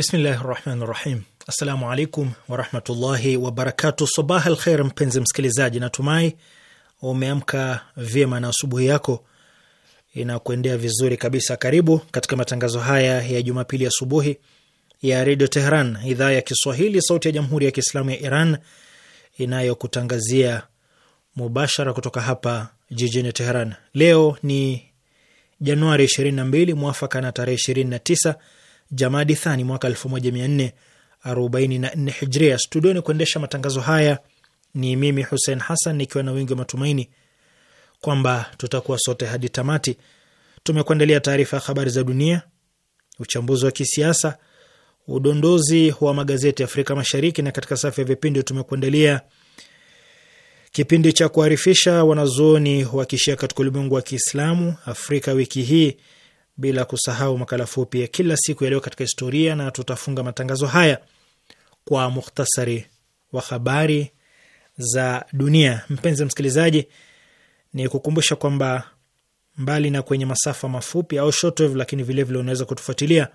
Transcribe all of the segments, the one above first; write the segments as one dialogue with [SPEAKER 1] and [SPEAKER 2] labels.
[SPEAKER 1] Bismillahi rahmani rahim. Assalamu alaikum warahmatullahi wabarakatu. Sabah al kheir, mpenzi msikilizaji, natumai umeamka vyema na asubuhi yako inakuendea vizuri kabisa. Karibu katika matangazo haya ya Jumapili asubuhi ya Redio Tehran, idhaa ya Kiswahili, sauti ya Jamhuri ya Kiislamu ya Iran inayokutangazia mubashara kutoka hapa jijini Tehran. Leo ni Januari 22 mwafaka na tarehe 29 Jamadi Thani mwaka 1444 Hijria. Studioni kuendesha matangazo haya ni mimi Hussein Hassan, nikiwa na wingi wa matumaini kwamba tutakuwa sote hadi tamati. Tumekuandalia taarifa ya habari za dunia, uchambuzi wa kisiasa, udondozi wa magazeti ya Afrika Mashariki, na katika safu ya vipindi tumekuandalia kipindi cha kuarifisha wanazuoni wa kishia katika ulimwengu wa Kiislamu Afrika wiki hii bila kusahau makala fupi ya kila siku yaliyo katika historia, na tutafunga matangazo haya kwa mukhtasari wa habari za dunia. Mpenzi msikilizaji, ni kukumbusha kwamba mbali na kwenye masafa mafupi au shortwave, lakini vilevile unaweza kutufuatilia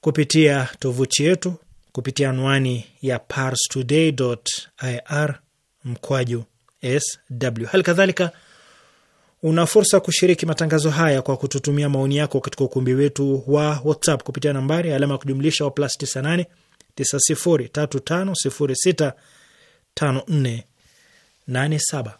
[SPEAKER 1] kupitia tovuti yetu kupitia anwani ya parstoday.ir mkwaju sw. Hali kadhalika Una fursa kushiriki matangazo haya kwa kututumia maoni yako katika ukumbi wetu wa WhatsApp kupitia nambari alama ya kujumlisha wa plus 98 9035065487.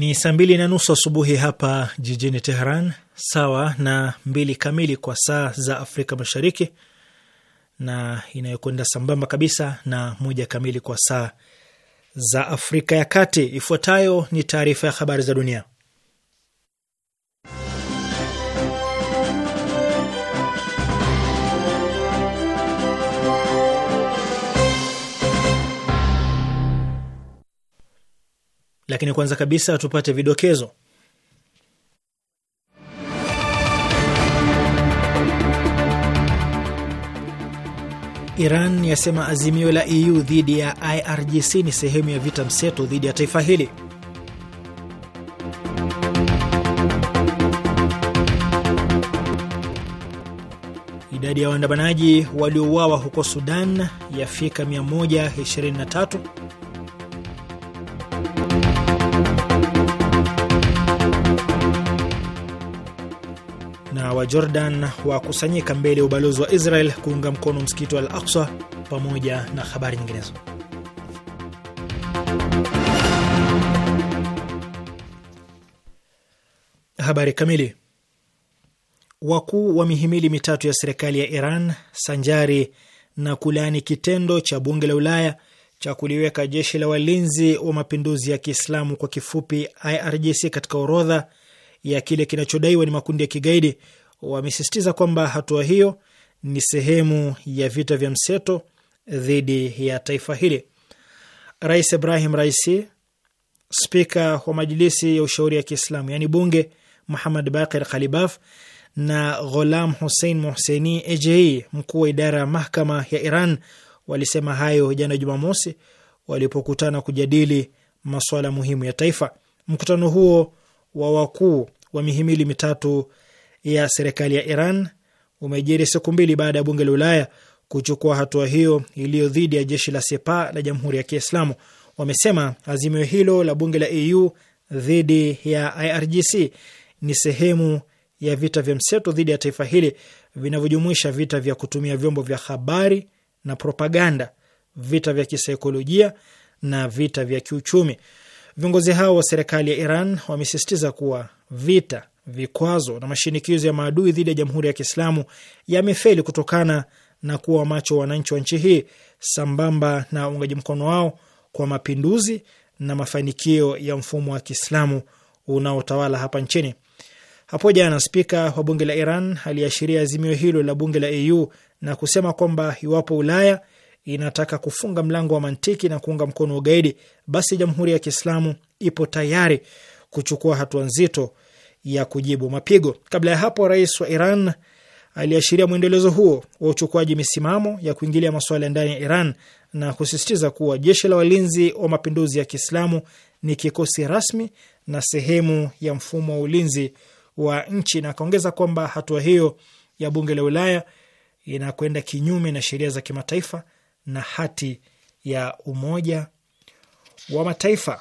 [SPEAKER 1] Ni saa mbili na nusu asubuhi hapa jijini Teheran, sawa na mbili kamili kwa saa za Afrika Mashariki, na inayokwenda sambamba kabisa na moja kamili kwa saa za Afrika ya Kati. Ifuatayo ni taarifa ya habari za dunia, lakini kwanza kabisa tupate vidokezo. Iran yasema azimio la EU dhidi ya IRGC ni sehemu ya vita mseto dhidi ya taifa hili. Idadi ya waandamanaji waliouawa huko Sudan yafika 123 wa Jordan wakusanyika mbele ya ubalozi wa Israel kuunga mkono msikiti wa Al Aqsa, pamoja na habari nyinginezo. Habari kamili. Wakuu wa mihimili mitatu ya serikali ya Iran sanjari na kulaani kitendo cha bunge la Ulaya cha kuliweka jeshi la walinzi wa mapinduzi ya Kiislamu kwa kifupi IRGC katika orodha ya kile kinachodaiwa ni makundi ya kigaidi wamesisitiza kwamba hatua hiyo ni sehemu ya vita vya mseto dhidi ya taifa hili. Rais Ibrahim Raisi, spika wa Majilisi ya Ushauri ya Kiislamu yaani bunge, Muhamad Bakir Khalibaf na Gholam Hussein Mohseni Ejei, mkuu wa idara ya mahkama ya Iran, walisema hayo jana Jumamosi walipokutana kujadili masuala muhimu ya taifa. Mkutano huo wa wakuu wa mihimili mitatu ya serikali ya Iran umejiri siku mbili baada ya bunge la Ulaya kuchukua hatua hiyo iliyo dhidi ya jeshi la Sepa la Jamhuri ya Kiislamu. Wamesema azimio hilo la bunge la EU dhidi ya IRGC ni sehemu ya vita vya mseto dhidi ya taifa hili vinavyojumuisha vita vya kutumia vyombo vya habari na propaganda, vita vya kisaikolojia na vita vya kiuchumi. Viongozi hao wa serikali ya Iran wamesisitiza kuwa vita vikwazo na mashinikizo ya maadui dhidi ya Jamhuri ya Kiislamu yamefeli kutokana na kuwa macho wananchi wa nchi hii sambamba na uungaji mkono wao kwa mapinduzi na mafanikio ya mfumo wa Kiislamu unaotawala hapa nchini. Hapo jana spika wa bunge la Iran aliashiria azimio hilo la bunge la EU na kusema kwamba iwapo Ulaya inataka kufunga mlango wa mantiki na kuunga mkono ugaidi, basi Jamhuri ya Kiislamu ipo tayari kuchukua hatua nzito ya kujibu mapigo. Kabla ya hapo, rais wa Iran aliashiria mwendelezo huo wa uchukuaji misimamo ya kuingilia masuala ya ndani ya Iran na kusisitiza kuwa jeshi la walinzi wa mapinduzi ya Kiislamu ni kikosi rasmi na sehemu ya mfumo wa ulinzi wa nchi, na akaongeza kwamba hatua hiyo ya bunge la Ulaya inakwenda kinyume na sheria za kimataifa na hati ya Umoja wa Mataifa.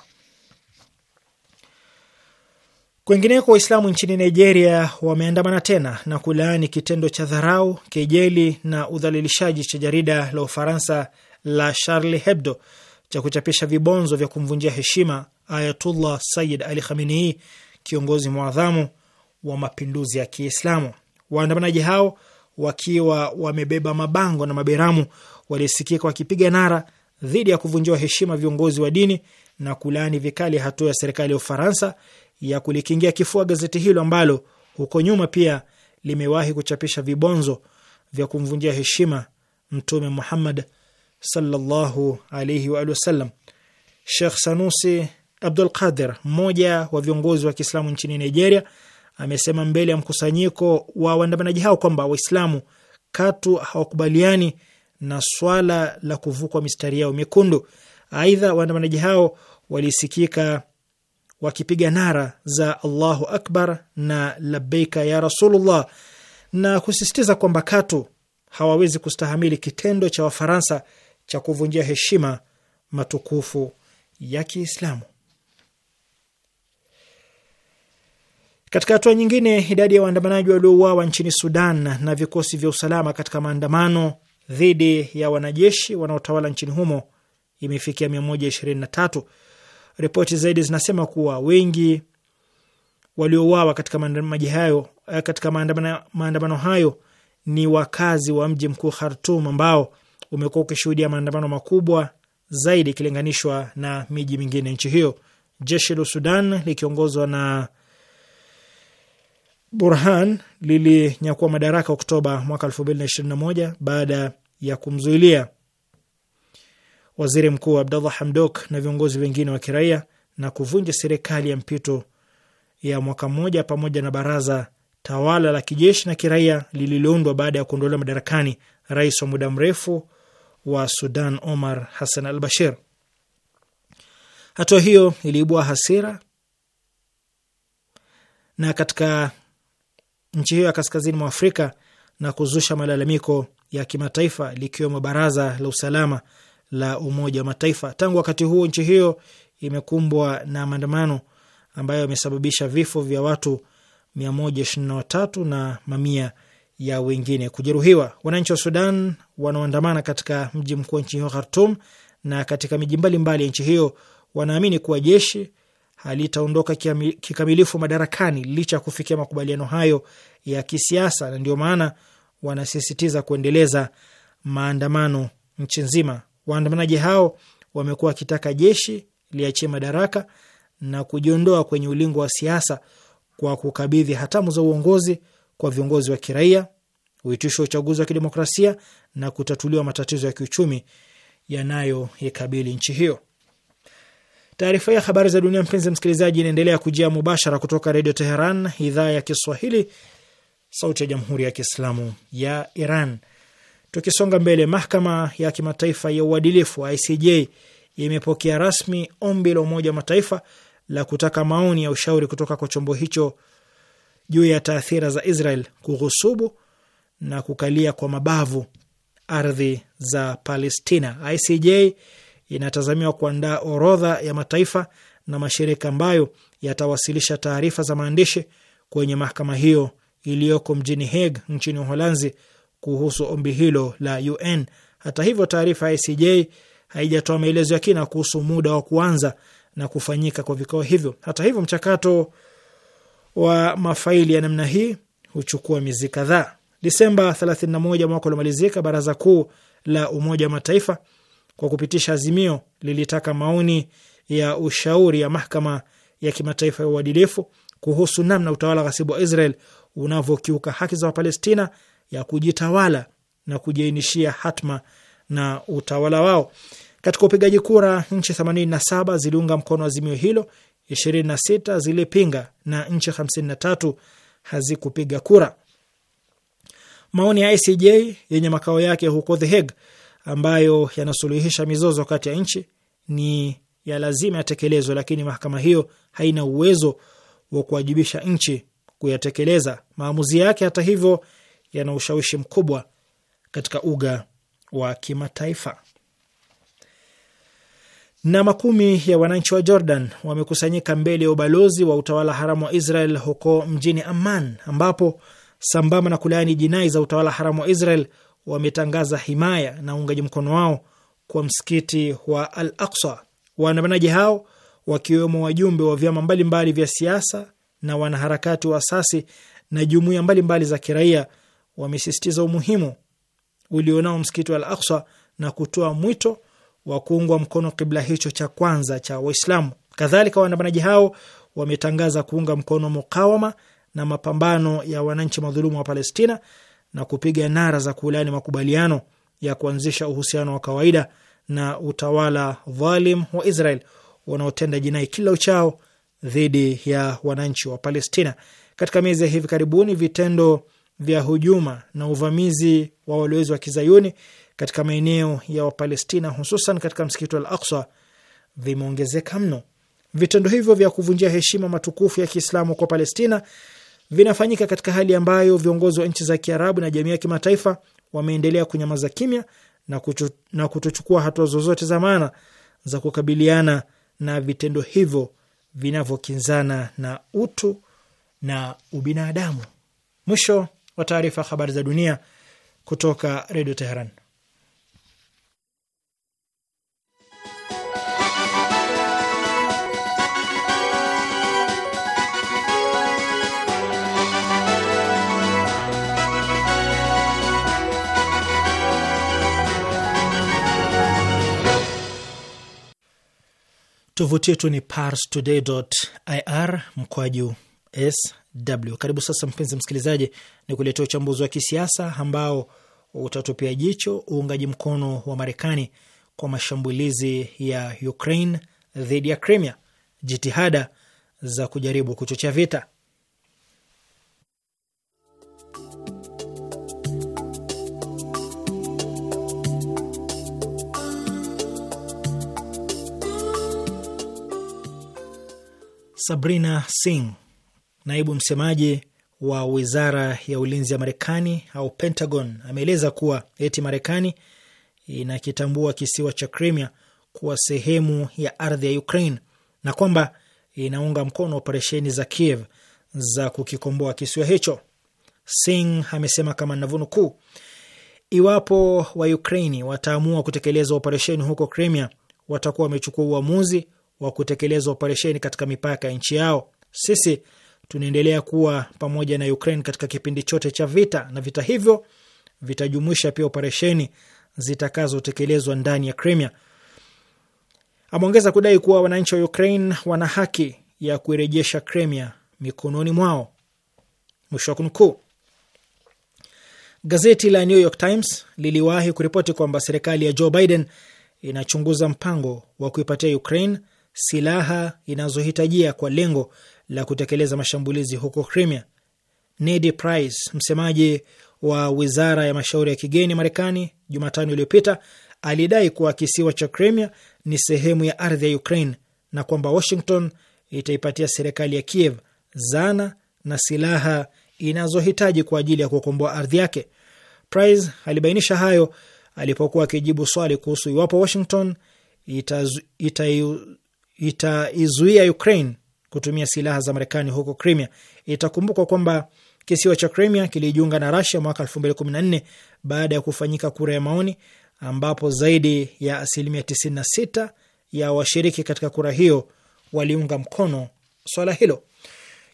[SPEAKER 1] Kwengineko, Waislamu nchini Nigeria wameandamana tena na kulaani kitendo cha dharau, kejeli na udhalilishaji cha jarida la Ufaransa la Charlie Hebdo cha kuchapisha vibonzo vya kumvunjia heshima Ayatullah Sayyid Ali Khamenei, kiongozi mwadhamu wa mapinduzi ya Kiislamu. Waandamanaji hao wakiwa wamebeba mabango na maberamu walisikika wakipiga nara dhidi ya kuvunjiwa heshima viongozi wa dini na kulaani vikali hatua ya serikali ya Ufaransa ya kulikingia kifua gazeti hilo ambalo huko nyuma pia limewahi kuchapisha vibonzo vya kumvunjia heshima Mtume Muhammad sallallahu alaihi wa alihi wasallam. Sheikh Sanusi Abdul Qadir, mmoja wa viongozi wa Kiislamu nchini Nigeria, amesema mbele ya mkusanyiko wa waandamanaji hao kwamba Waislamu katu hawakubaliani na swala la kuvukwa mistari yao mekundu. Aidha, waandamanaji hao walisikika wakipiga nara za Allahu akbar na labeika ya Rasulullah na kusisitiza kwamba katu hawawezi kustahamili kitendo cha Wafaransa cha kuvunjia heshima matukufu ya Kiislamu. Katika hatua nyingine, idadi ya waandamanaji waliouawa nchini Sudan na vikosi vya usalama katika maandamano dhidi ya wanajeshi wanaotawala nchini humo imefikia 123 Ripoti zaidi zinasema kuwa wengi waliouawa katika maandamano eh, maandamano hayo ni wakazi wa mji mkuu Khartum ambao umekuwa ukishuhudia maandamano makubwa zaidi ikilinganishwa na miji mingine nchi hiyo. Jeshi la Sudan likiongozwa na Burhan lilinyakua madaraka Oktoba mwaka 2021 baada ya kumzuilia waziri mkuu Abdallah Hamdok na viongozi wengine wa kiraia na kuvunja serikali ya mpito ya mwaka mmoja pamoja na baraza tawala la kijeshi na kiraia lililoundwa baada ya kuondolewa madarakani rais wa muda mrefu wa Sudan Omar Hassan al Bashir. Hatua hiyo iliibua hasira na katika nchi hiyo ya kaskazini mwa Afrika na kuzusha malalamiko ya kimataifa likiwemo baraza la usalama la Umoja wa Mataifa. Tangu wakati huo nchi hiyo imekumbwa na maandamano ambayo yamesababisha vifo vya watu 123 na mamia ya wengine kujeruhiwa. Wananchi wa Sudan wanaoandamana katika mji mkuu wa nchi hiyo Khartum na katika miji mbalimbali ya nchi hiyo wanaamini kuwa jeshi halitaondoka kikamilifu madarakani licha ya kufikia makubaliano hayo ya kisiasa, na ndio maana wanasisitiza kuendeleza maandamano nchi nzima. Waandamanaji hao wamekuwa wakitaka jeshi liachie madaraka na kujiondoa kwenye ulingo wa siasa kwa kukabidhi hatamu za uongozi kwa viongozi wa kiraia, uitisho wa uchaguzi wa kidemokrasia na kutatuliwa matatizo ya kiuchumi yanayoikabili nchi hiyo. Taarifa ya habari za dunia, mpenzi msikilizaji, inaendelea kujia mubashara kutoka Redio Teheran, idhaa ya Kiswahili, sauti ya Jamhuri ya Kiislamu ya Iran. Tukisonga mbele, mahakama ya kimataifa ya uadilifu ICJ imepokea rasmi ombi la Umoja wa Mataifa la kutaka maoni ya ushauri kutoka kwa chombo hicho juu ya taathira za Israel kughusubu na kukalia kwa mabavu ardhi za Palestina. ICJ inatazamiwa kuandaa orodha ya mataifa na mashirika ambayo yatawasilisha taarifa za maandishi kwenye mahakama hiyo iliyoko mjini Hague nchini Uholanzi kuhusu ombi hilo la UN. Hata hivyo, taarifa ya ICJ haijatoa maelezo ya kina kuhusu muda wa kuanza na kufanyika kwa vikao hivyo. Hata hivyo, mchakato wa mafaili ya namna hii huchukua miezi kadhaa. Disemba 31 mwaka uliomalizika, Baraza Kuu la Umoja wa Mataifa kwa kupitisha azimio lilitaka maoni ya ushauri ya mahakama ya kimataifa ya uadilifu kuhusu namna utawala ghasibu wa Israel unavyokiuka haki za Wapalestina ya kujitawala na kujiainishia hatma na utawala wao. Katika upigaji kura, nchi 87 ziliunga mkono azimio hilo, 26 zilipinga na nchi 53 hazikupiga kura. Maoni ya ICJ yenye makao yake huko The Hague, ambayo yanasuluhisha mizozo kati ya nchi, ni ya lazima yatekelezwe, lakini mahakama hiyo haina uwezo wa kuwajibisha nchi kuyatekeleza maamuzi yake. Hata hivyo yana ushawishi mkubwa katika uga wa kimataifa. Na makumi ya wananchi wa Jordan wamekusanyika mbele ya ubalozi wa utawala haramu wa Israel huko mjini Amman, ambapo sambamba na kulaani jinai za utawala haramu wa Israel wametangaza himaya na uungaji mkono wao kwa msikiti wa Al Aksa. Waandamanaji hao wakiwemo wajumbe wa vyama mbalimbali vya siasa na wanaharakati wa asasi na jumuiya mbalimbali za kiraia wamesisitiza umuhimu ulionao msikiti wa Al Aksa na kutoa mwito wa kuungwa mkono kibla hicho cha kwanza cha Waislamu. Kadhalika, waandamanaji hao wametangaza kuunga mkono mukawama na mapambano ya wananchi madhulumu wa Palestina na kupiga nara za kuulani makubaliano ya kuanzisha uhusiano wa kawaida na utawala dhalim wa Israel wanaotenda jinai kila uchao dhidi ya wananchi wa Palestina. Katika miezi ya hivi karibuni vitendo vya hujuma na uvamizi wa walowezi wa kizayuni katika maeneo ya Wapalestina, hususan katika msikiti wa Al Aksa vimeongezeka mno. Vitendo hivyo vya kuvunjia heshima matukufu ya Kiislamu kwa Palestina vinafanyika katika hali ambayo viongozi wa nchi za Kiarabu na jamii ya kimataifa wameendelea kunyamaza kimya na, na kutochukua hatua zozote za maana za kukabiliana na vitendo hivyo vinavyokinzana na utu na ubinadamu. Mwisho wa taarifa ya habari za dunia kutoka Redio Teheran. Tovuti yetu ni parstoday.ir mkwaju s DW. Karibu sasa, mpenzi msikilizaji, ni kuletea uchambuzi wa kisiasa ambao utatupia jicho uungaji mkono wa Marekani kwa mashambulizi ya Ukraine dhidi ya Crimea, jitihada za kujaribu kuchochea vita. Sabrina Singh naibu msemaji wa wizara ya ulinzi ya Marekani au Pentagon ameeleza kuwa eti Marekani inakitambua kisiwa cha Crimea kuwa sehemu ya ardhi ya Ukraine na kwamba inaunga mkono operesheni za Kiev za kukikomboa kisiwa hicho. Singh amesema kama navunukuu, iwapo wa Ukraini wataamua kutekeleza operesheni huko Crimea, watakuwa wamechukua uamuzi wa kutekeleza operesheni katika mipaka ya nchi yao. Sisi tunaendelea kuwa pamoja na Ukraine katika kipindi chote cha vita, na vita hivyo vitajumuisha pia operesheni zitakazotekelezwa ndani ya Crimea. Ameongeza kudai kuwa wananchi wa Ukraine wana haki ya kuirejesha Crimea mikononi mwao. Mwisho wa kunukuu. Gazeti la New York Times liliwahi kuripoti kwamba serikali ya Joe Biden inachunguza mpango wa kuipatia Ukraine silaha inazohitajia kwa lengo la kutekeleza mashambulizi huko Crimea. Ned Price, msemaji wa wizara ya mashauri ya kigeni Marekani, Jumatano iliyopita alidai kuwa kisiwa cha Crimea ni sehemu ya ardhi ya Ukraine na kwamba Washington itaipatia serikali ya Kiev zana na silaha inazohitaji kwa ajili ya kukomboa ardhi yake. Price alibainisha hayo alipokuwa akijibu swali kuhusu iwapo Washington itaizuia ita, ita Ukraine kutumia silaha za Marekani huko Crimea. Itakumbukwa kwamba kisiwa cha Crimea kilijiunga na Rasia mwaka 2014 baada ya kufanyika kura ya maoni, ambapo zaidi ya asilimia 96 ya washiriki katika kura hiyo waliunga mkono swala hilo.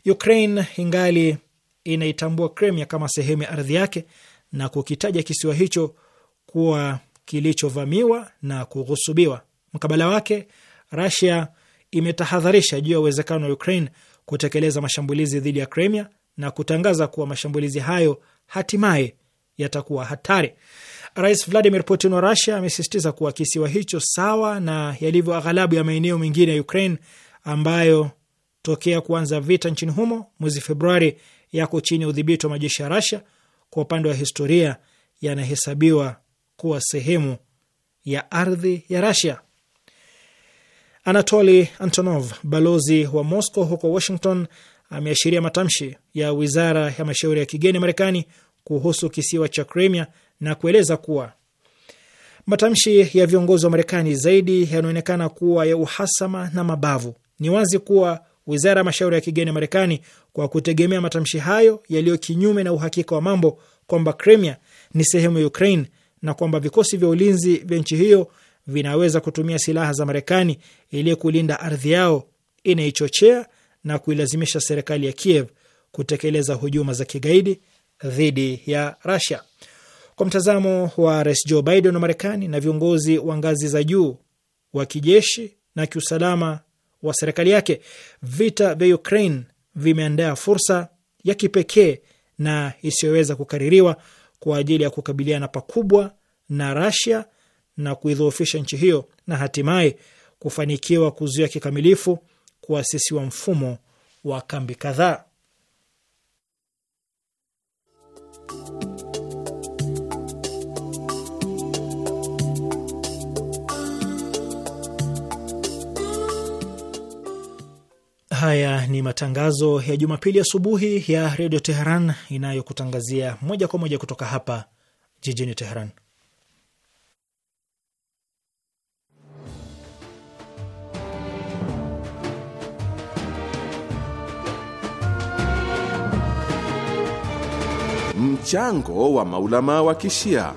[SPEAKER 1] Ukraine ingali inaitambua Crimea kama sehemu ya ardhi yake na kukitaja kisiwa hicho kuwa kilichovamiwa na kughusubiwa. Mkabala wake Rasia imetahadharisha juu ya uwezekano wa Ukraine kutekeleza mashambulizi dhidi ya Crimea na kutangaza kuwa mashambulizi hayo hatimaye yatakuwa hatari. Rais Vladimir Putin wa rusia amesisitiza kuwa kisiwa hicho sawa na yalivyo aghalabu ya maeneo mengine ya Ukraine ambayo tokea kuanza vita nchini humo mwezi Februari yako chini ya udhibiti wa majeshi ya rasia kwa upande wa historia yanahesabiwa kuwa sehemu ya ardhi ya rasia Anatoli Antonov, balozi wa Moscow huko Washington, ameashiria matamshi ya wizara ya mashauri ya kigeni Marekani kuhusu kisiwa cha Crimea na kueleza kuwa matamshi ya viongozi wa Marekani zaidi yanaonekana kuwa ya uhasama na mabavu. Ni wazi kuwa wizara ya mashauri ya kigeni Marekani, kwa kutegemea matamshi hayo yaliyo kinyume na uhakika wa mambo, kwamba Crimea ni sehemu ya Ukraine na kwamba vikosi vya ulinzi vya nchi hiyo vinaweza kutumia silaha za Marekani ili kulinda ardhi yao inaichochea na kuilazimisha serikali ya Kiev kutekeleza hujuma za kigaidi dhidi ya rasia Kwa mtazamo wa Rais Joe Biden wa Marekani na viongozi wa ngazi za juu wa kijeshi na kiusalama wa serikali yake, vita vya Ukraine vimeandaa fursa ya kipekee na isiyoweza kukaririwa kwa ajili ya kukabiliana pakubwa na rasia na kuidhoofisha nchi hiyo na hatimaye kufanikiwa kuzuia kikamilifu kuasisiwa mfumo wa kambi kadhaa. Haya ni matangazo ya Jumapili asubuhi ya, ya Redio Teheran inayokutangazia moja kwa moja kutoka hapa jijini Teheran.
[SPEAKER 2] mchango wa maulama wa Kishia.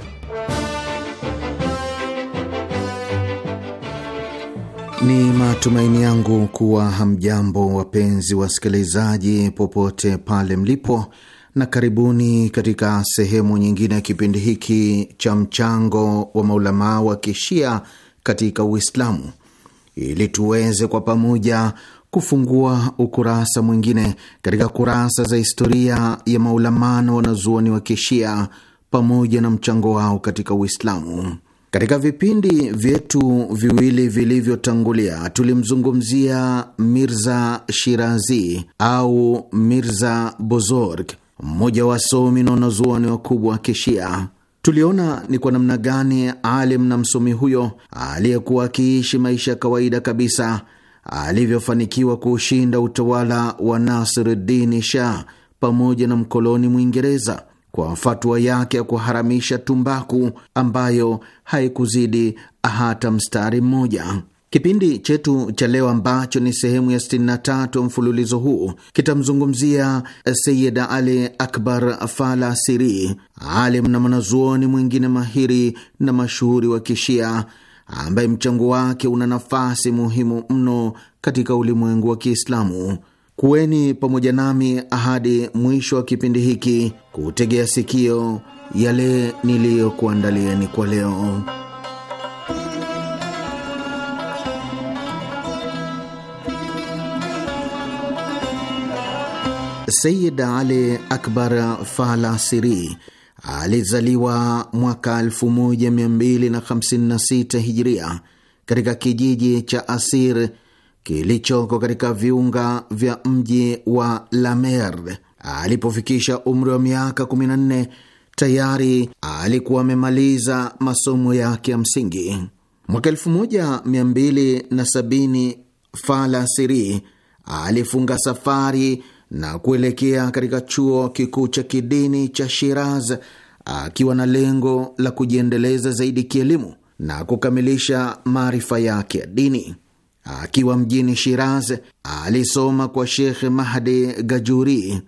[SPEAKER 3] Ni matumaini yangu kuwa hamjambo, wapenzi wasikilizaji, popote pale mlipo, na karibuni katika sehemu nyingine ya kipindi hiki cha mchango wa maulamaa wa Kishia katika Uislamu, ili tuweze kwa pamoja kufungua ukurasa mwingine katika kurasa za historia ya maulamaa na wanazuoni wa Kishia pamoja na mchango wao katika Uislamu. Katika vipindi vyetu viwili vilivyotangulia tulimzungumzia Mirza Shirazi au Mirza Bozorg, mmoja wa somi na wanazuoni wakubwa wa Kishia. Tuliona ni kwa namna gani alim na msomi huyo aliyekuwa akiishi maisha ya kawaida kabisa alivyofanikiwa kuushinda utawala wa Nasiruddin Shah pamoja na mkoloni Mwingereza kwa fatwa yake ya kuharamisha tumbaku ambayo haikuzidi hata mstari mmoja. Kipindi chetu cha leo ambacho ni sehemu ya 63 ya mfululizo huu kitamzungumzia Sayid Ali Akbar Falasiri, alim na mwanazuoni mwingine mahiri na mashuhuri wa Kishia ambaye mchango wake una nafasi muhimu mno katika ulimwengu wa Kiislamu. Kuweni pamoja nami hadi mwisho wa kipindi hiki kutegea sikio yale niliyokuandalieni kwa leo. Sayid Ali Akbar Falasiri alizaliwa mwaka 1256 Hijria katika kijiji cha Asir kilichoko katika viunga vya mji wa Lamer. Alipofikisha umri wa miaka 14 tayari alikuwa amemaliza masomo yake ya msingi. Mwaka 1270 siri alifunga safari na kuelekea katika chuo kikuu cha kidini cha Shiraz akiwa na lengo la kujiendeleza zaidi kielimu na kukamilisha maarifa yake ya dini. Akiwa mjini Shiraz alisoma kwa Shekh Mahdi Gajuri.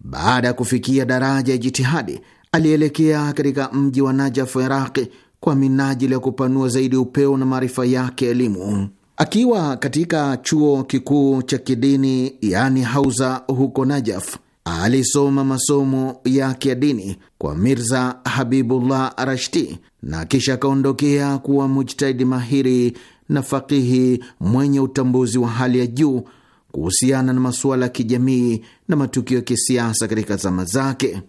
[SPEAKER 3] Baada ya kufikia daraja ya jitihadi, alielekea katika mji wa Najafu, Iraqi, kwa minajili ya kupanua zaidi upeo na maarifa yake ya elimu. Akiwa katika chuo kikuu cha kidini yani Hauza huko Najaf, alisoma masomo yake ya dini kwa Mirza Habibullah Rashti na kisha akaondokea kuwa mujtahidi mahiri na fakihi mwenye utambuzi wa hali ya juu kuhusiana na masuala ya kijamii na matukio ya kisiasa katika zama zake.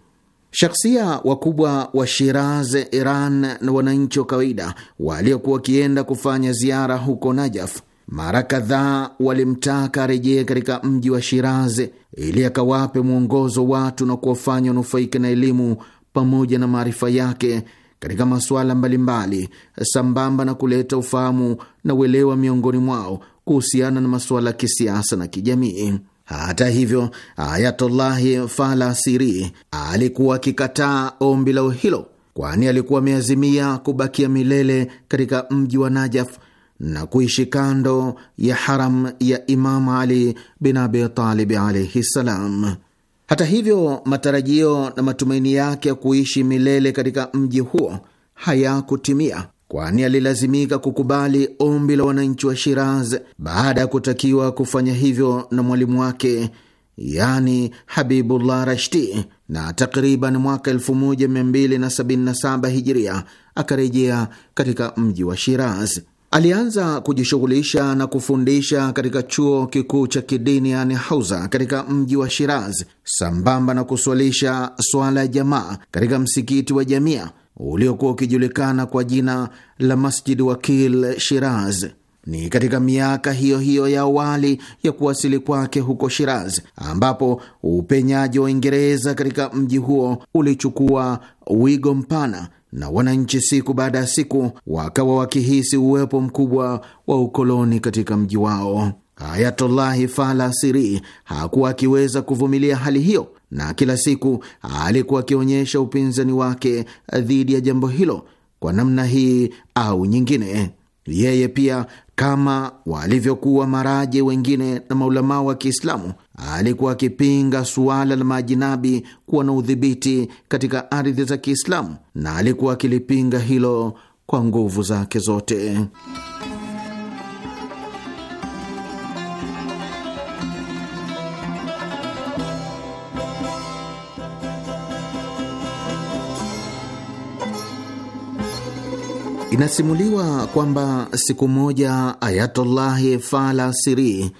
[SPEAKER 3] Shakhsia wakubwa wa Shiraz, Iran na wananchi wa kawaida waliokuwa wakienda kufanya ziara huko Najaf mara kadhaa walimtaka arejee katika mji wa Shiraz ili akawape mwongozo watu na kuwafanya wanufaike na elimu pamoja na maarifa yake katika masuala mbalimbali, sambamba na kuleta ufahamu na uelewa miongoni mwao kuhusiana na masuala ya kisiasa na kijamii. Hata hivyo, Ayatullahi siri alikuwa akikataa ombi lao hilo, kwani alikuwa ameazimia kubakia milele katika mji wa Najaf na kuishi kando ya haram ya Imam Ali bin Abi Talib alaihi ssalam. Hata hivyo, matarajio na matumaini yake ya kuishi milele katika mji huo hayakutimia kwani alilazimika kukubali ombi la wananchi wa Shiraz baada ya kutakiwa kufanya hivyo na mwalimu wake yani Habibullah Rashti, na takriban mwaka 1277 Hijiria akarejea katika mji wa Shiraz. Alianza kujishughulisha na kufundisha katika chuo kikuu cha kidini yani Hauza katika mji wa Shiraz, sambamba na kuswalisha swala ya jamaa katika msikiti wa Jamia uliokuwa ukijulikana kwa jina la Masjid Wakil Shiraz. Ni katika miaka hiyo hiyo ya awali ya kuwasili kwake huko Shiraz ambapo upenyaji wa Uingereza katika mji huo ulichukua wigo mpana na wananchi siku baada ya siku wakawa wakihisi uwepo mkubwa wa ukoloni katika mji wao. Ayatullahi Fala Siri hakuwa akiweza kuvumilia hali hiyo na kila siku alikuwa akionyesha upinzani wake dhidi ya jambo hilo kwa namna hii au nyingine. Yeye pia kama walivyokuwa maraje wengine na maulamaa wa Kiislamu alikuwa akipinga suala la majinabi kuwa na udhibiti katika ardhi za Kiislamu, na alikuwa akilipinga hilo kwa nguvu zake zote. Inasimuliwa kwamba siku moja Ayatullahi Falasiri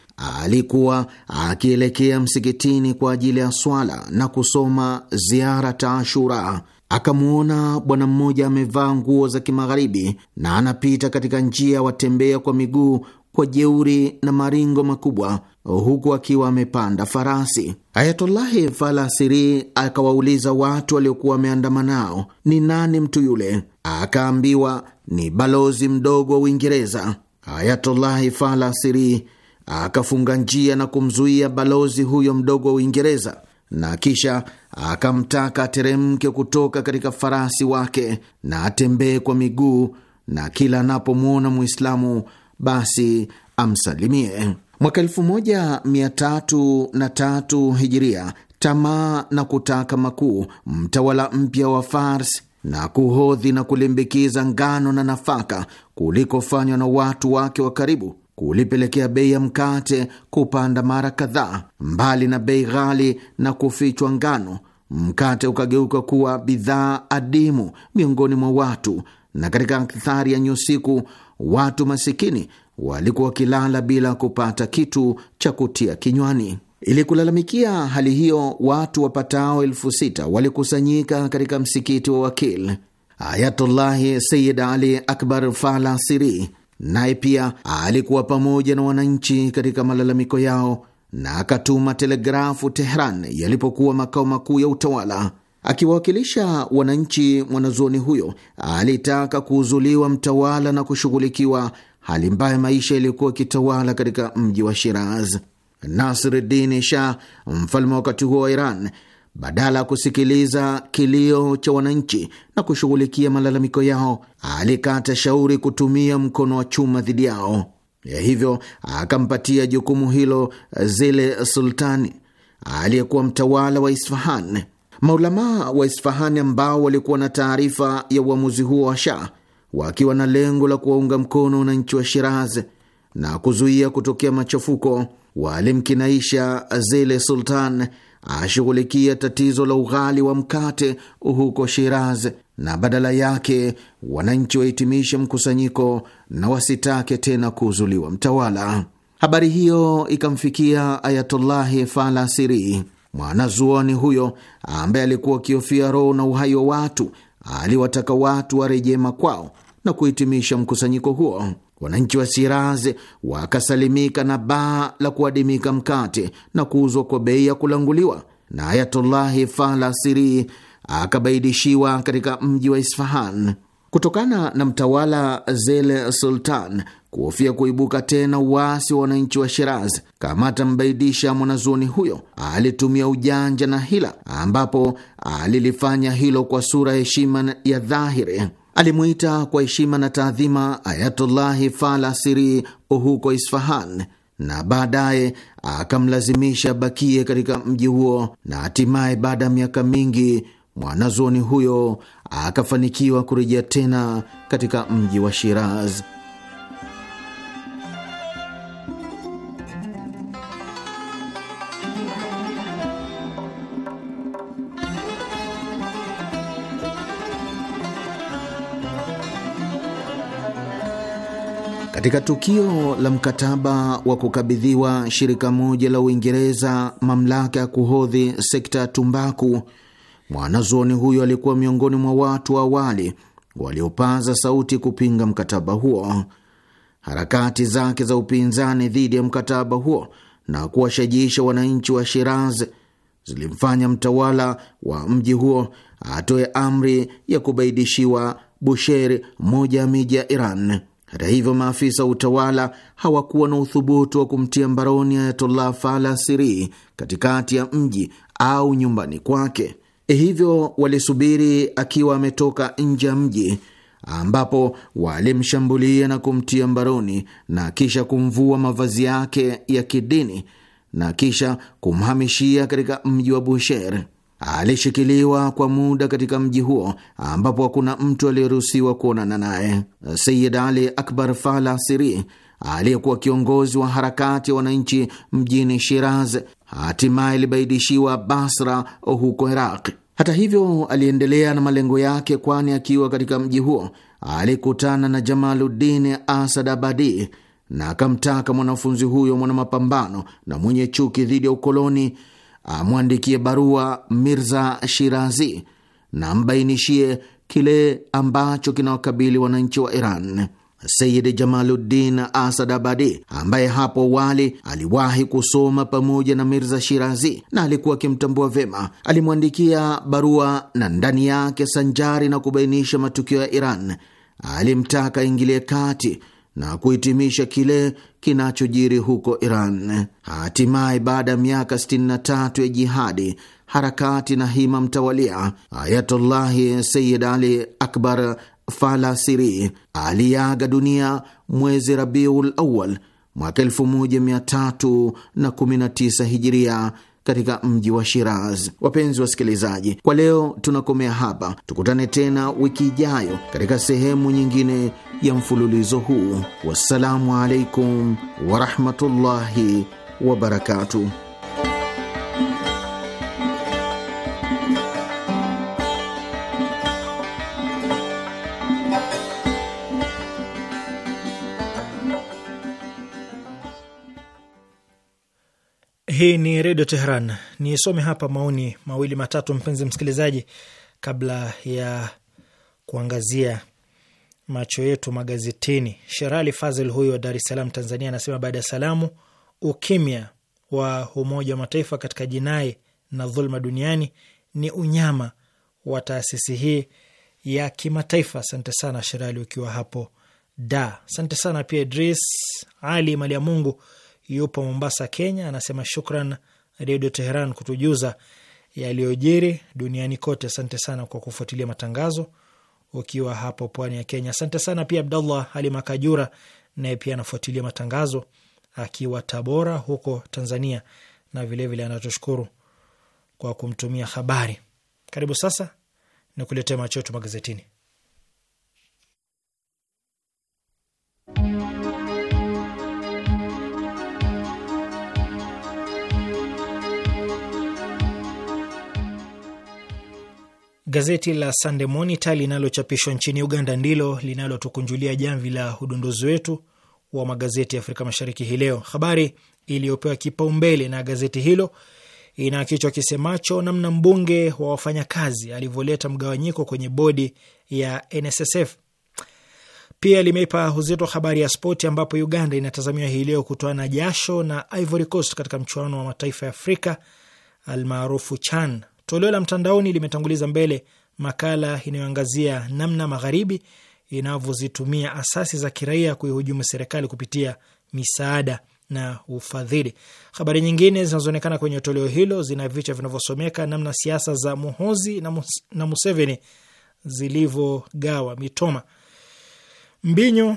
[SPEAKER 3] alikuwa akielekea msikitini kwa ajili ya swala na kusoma ziara taashura akamwona bwana mmoja amevaa nguo za kimagharibi na anapita katika njia watembea kwa miguu kwa jeuri na maringo makubwa huku akiwa amepanda farasi. Ayatullahi Falasiri akawauliza watu waliokuwa wameandamanao ni nani mtu yule? Akaambiwa ni balozi mdogo wa Uingereza. Ayatullahi Fala Siri akafunga njia na kumzuia balozi huyo mdogo wa Uingereza, na kisha akamtaka ateremke kutoka katika farasi wake na atembee kwa miguu, na kila anapomwona mwislamu basi amsalimie. Mwaka elfu moja mia tatu na tatu hijiria, tamaa na kutaka makuu, mtawala mpya wa Fars na kuhodhi na kulimbikiza ngano na nafaka kulikofanywa na watu wake wa karibu kulipelekea bei ya mkate kupanda mara kadhaa. Mbali na bei ghali na kufichwa ngano, mkate ukageuka kuwa bidhaa adimu miongoni mwa watu, na katika akthari ya nyusiku watu masikini walikuwa wakilala bila kupata kitu cha kutia kinywani. Ili kulalamikia hali hiyo, watu wapatao elfu sita walikusanyika katika msikiti wa Wakil. Ayatullahi Sayid Ali Akbar Fala Siri naye pia alikuwa pamoja na wananchi katika malalamiko yao na akatuma telegrafu Tehran yalipokuwa makao makuu ya utawala. Akiwawakilisha wananchi, mwanazuoni huyo alitaka kuuzuliwa mtawala na kushughulikiwa hali mbaya maisha yaliyokuwa ikitawala katika mji wa Shiraz. Nasreddin Shah, mfalme wakati huo wa Iran, badala ya kusikiliza kilio cha wananchi na kushughulikia malalamiko yao, alikata shauri kutumia mkono wa chuma dhidi yao. Ya hivyo akampatia jukumu hilo Zile sultani aliyekuwa mtawala wa Isfahan. Maulamaa wa Isfahani ambao walikuwa na taarifa ya uamuzi huo wa Shah, wakiwa na lengo la kuwaunga mkono wananchi wa Shiraz na kuzuia kutokea machafuko, walimkinaisha Zile Sultan ashughulikia tatizo la ughali wa mkate huko Shiraz, na badala yake wananchi wahitimishe mkusanyiko na wasitake tena kuuzuliwa mtawala. Habari hiyo ikamfikia Ayatullahi Falasiri, mwanazuoni huyo ambaye alikuwa akihofia roho na uhai wa watu. Aliwataka watu warejee makwao na kuhitimisha mkusanyiko huo. Wananchi wa siraz wakasalimika na baa la kuadimika mkate na kuuzwa kwa bei ya kulanguliwa, na Ayatullahi Fala Siri akabaidishiwa katika mji wa Isfahan kutokana na mtawala Zele Sultan kuhofia kuibuka tena uasi wa wananchi wa Shiraz, kama atambaidisha mwanazuoni huyo, alitumia ujanja na hila, ambapo alilifanya hilo kwa sura heshima ya dhahiri. Alimwita kwa heshima na taadhima Ayatullahi fala siri huko Isfahan na baadaye akamlazimisha bakie katika mji huo, na hatimaye baada ya miaka mingi mwanazuoni huyo akafanikiwa kurejea tena katika mji wa Shiraz. Katika tukio la mkataba wa kukabidhiwa shirika moja la Uingereza mamlaka ya kuhodhi sekta ya tumbaku, mwanazuoni huyo alikuwa miongoni mwa watu wa awali waliopaza sauti kupinga mkataba huo. Harakati zake za upinzani dhidi ya mkataba huo na kuwashajiisha wananchi wa Shiraz zilimfanya mtawala wa mji huo atoe amri ya kubaidishiwa busheri moja ya miji ya Iran. Hata hivyo, maafisa wa utawala hawakuwa na uthubutu wa kumtia mbaroni Ayatollah siri katikati ya mji au nyumbani kwake, e, hivyo walisubiri akiwa ametoka nje ya mji ambapo walimshambulia na kumtia mbaroni na kisha kumvua mavazi yake ya kidini na kisha kumhamishia katika mji wa Bushehr alishikiliwa kwa muda katika mji huo ambapo hakuna mtu aliyeruhusiwa kuonana naye. Sayid Ali Akbar Fala Siri aliyekuwa kiongozi wa harakati ya wananchi mjini Shiraz hatimaye alibaidishiwa Basra huko Iraq. Hata hivyo, aliendelea na malengo yake, kwani akiwa katika mji huo alikutana na Jamaluddin Asad Abadi na akamtaka mwanafunzi huyo mwana mapambano na mwenye chuki dhidi ya ukoloni amwandikie barua Mirza Shirazi na ambainishie kile ambacho kinawakabili wananchi wa Iran. Sayid Jamaluddin abadi ambaye hapo awali aliwahi kusoma pamoja na Mirza Shirazi na alikuwa akimtambua vyema, alimwandikia barua na ndani yake, sanjari na kubainisha matukio ya Iran, alimtaka aingilie kati na kuhitimisha kile kinachojiri huko Iran. Hatimaye, baada ya miaka 63 ya jihadi, harakati na hima mtawalia, Ayatullahi Sayid Ali Akbar Falasiri aliaga dunia mwezi Rabiul Awal mwaka 1319 hijiria katika mji wa Shiraz. Wapenzi wasikilizaji, kwa leo tunakomea hapa, tukutane tena wiki ijayo katika sehemu nyingine ya mfululizo huu. Wassalamu alaikum warahmatullahi wabarakatuh.
[SPEAKER 1] Hii ni Redio ni Nisome hapa maoni mawili matatu, mpenzi msikilizaji, kabla ya kuangazia macho yetu magazetini. Sherali Fazil huyu wa Dar es Salaam, Tanzania, anasema baada ya salamu, ukimya wa Umoja wa Mataifa katika jinai na dhulma duniani ni unyama wa taasisi hii ya kimataifa. Asante sana Sherali, ukiwa hapo da. Asante sana pia Idris Ali Mali ya Mungu yupo Mombasa, Kenya, anasema shukran Redio Teheran kutujuza yaliyojiri duniani kote. Asante sana kwa kufuatilia matangazo ukiwa hapo pwani ya Kenya. Asante sana pia Abdallah Ali Makajura, naye pia anafuatilia matangazo akiwa Tabora huko Tanzania, na vilevile anatushukuru kwa kumtumia habari. Karibu sasa ni macho yetu magazetini. Gazeti la Sunday Monitor linalochapishwa nchini Uganda ndilo linalotukunjulia jamvi la udondozi wetu wa magazeti ya Afrika Mashariki hii leo. Habari iliyopewa kipaumbele na gazeti hilo ina kichwa kisemacho namna mbunge wa wafanyakazi alivyoleta mgawanyiko kwenye bodi ya NSSF. Pia limeipa uzito habari ya spoti, ambapo Uganda inatazamiwa hii leo na jasho na Ivory Coast katika mchuano wa mataifa ya Afrika almaarufu CHAN Toleo la mtandaoni limetanguliza mbele makala inayoangazia namna magharibi inavyozitumia asasi za kiraia kuihujumu serikali kupitia misaada na ufadhili. Habari nyingine zinazoonekana kwenye toleo hilo zina vichwa vinavyosomeka namna siasa za Muhozi na Museveni zilivyogawa mitoma, mbinyo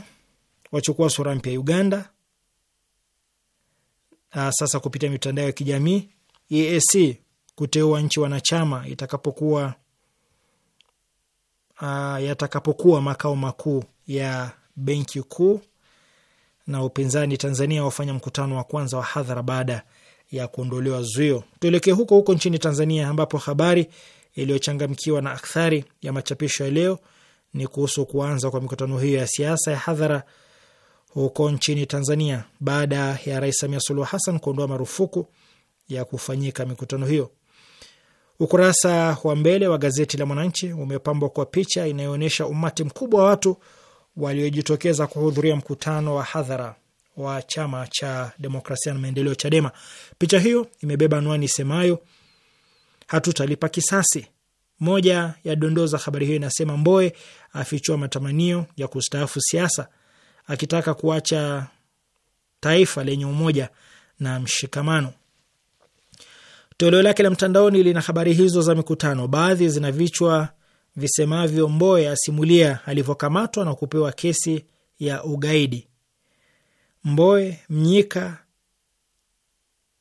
[SPEAKER 1] wachukua sura mpya Uganda ah, sasa kupitia mitandao ya kijamii, EAC kuteua nchi wanachama itakapokuwa uh, yatakapokuwa makao makuu ya benki kuu. Na upinzani Tanzania wafanya mkutano wa kwanza wa hadhara baada ya kuondolewa zuio. Tuelekee huko huko nchini Tanzania, ambapo habari iliyochangamkiwa na akthari ya machapisho ya leo ni kuhusu kuanza kwa mikutano hiyo ya siasa ya hadhara huko nchini Tanzania baada ya Rais Samia Suluhu Hassan kuondoa marufuku ya kufanyika mikutano hiyo. Ukurasa wa mbele wa gazeti la Mwananchi umepambwa kwa picha inayoonyesha umati mkubwa wa watu waliojitokeza kuhudhuria mkutano wa hadhara wa chama cha demokrasia na maendeleo Chadema. Picha hiyo imebeba anwani semayo hatutalipa kisasi. Moja ya dondoo za habari hiyo inasema Mboe afichua matamanio ya kustaafu siasa, akitaka kuacha taifa lenye umoja na mshikamano. Toleo lake la mtandaoni lina habari hizo za mikutano, baadhi zina vichwa visemavyo: mboe asimulia alivyokamatwa na kupewa kesi ya ugaidi; mboe Mnyika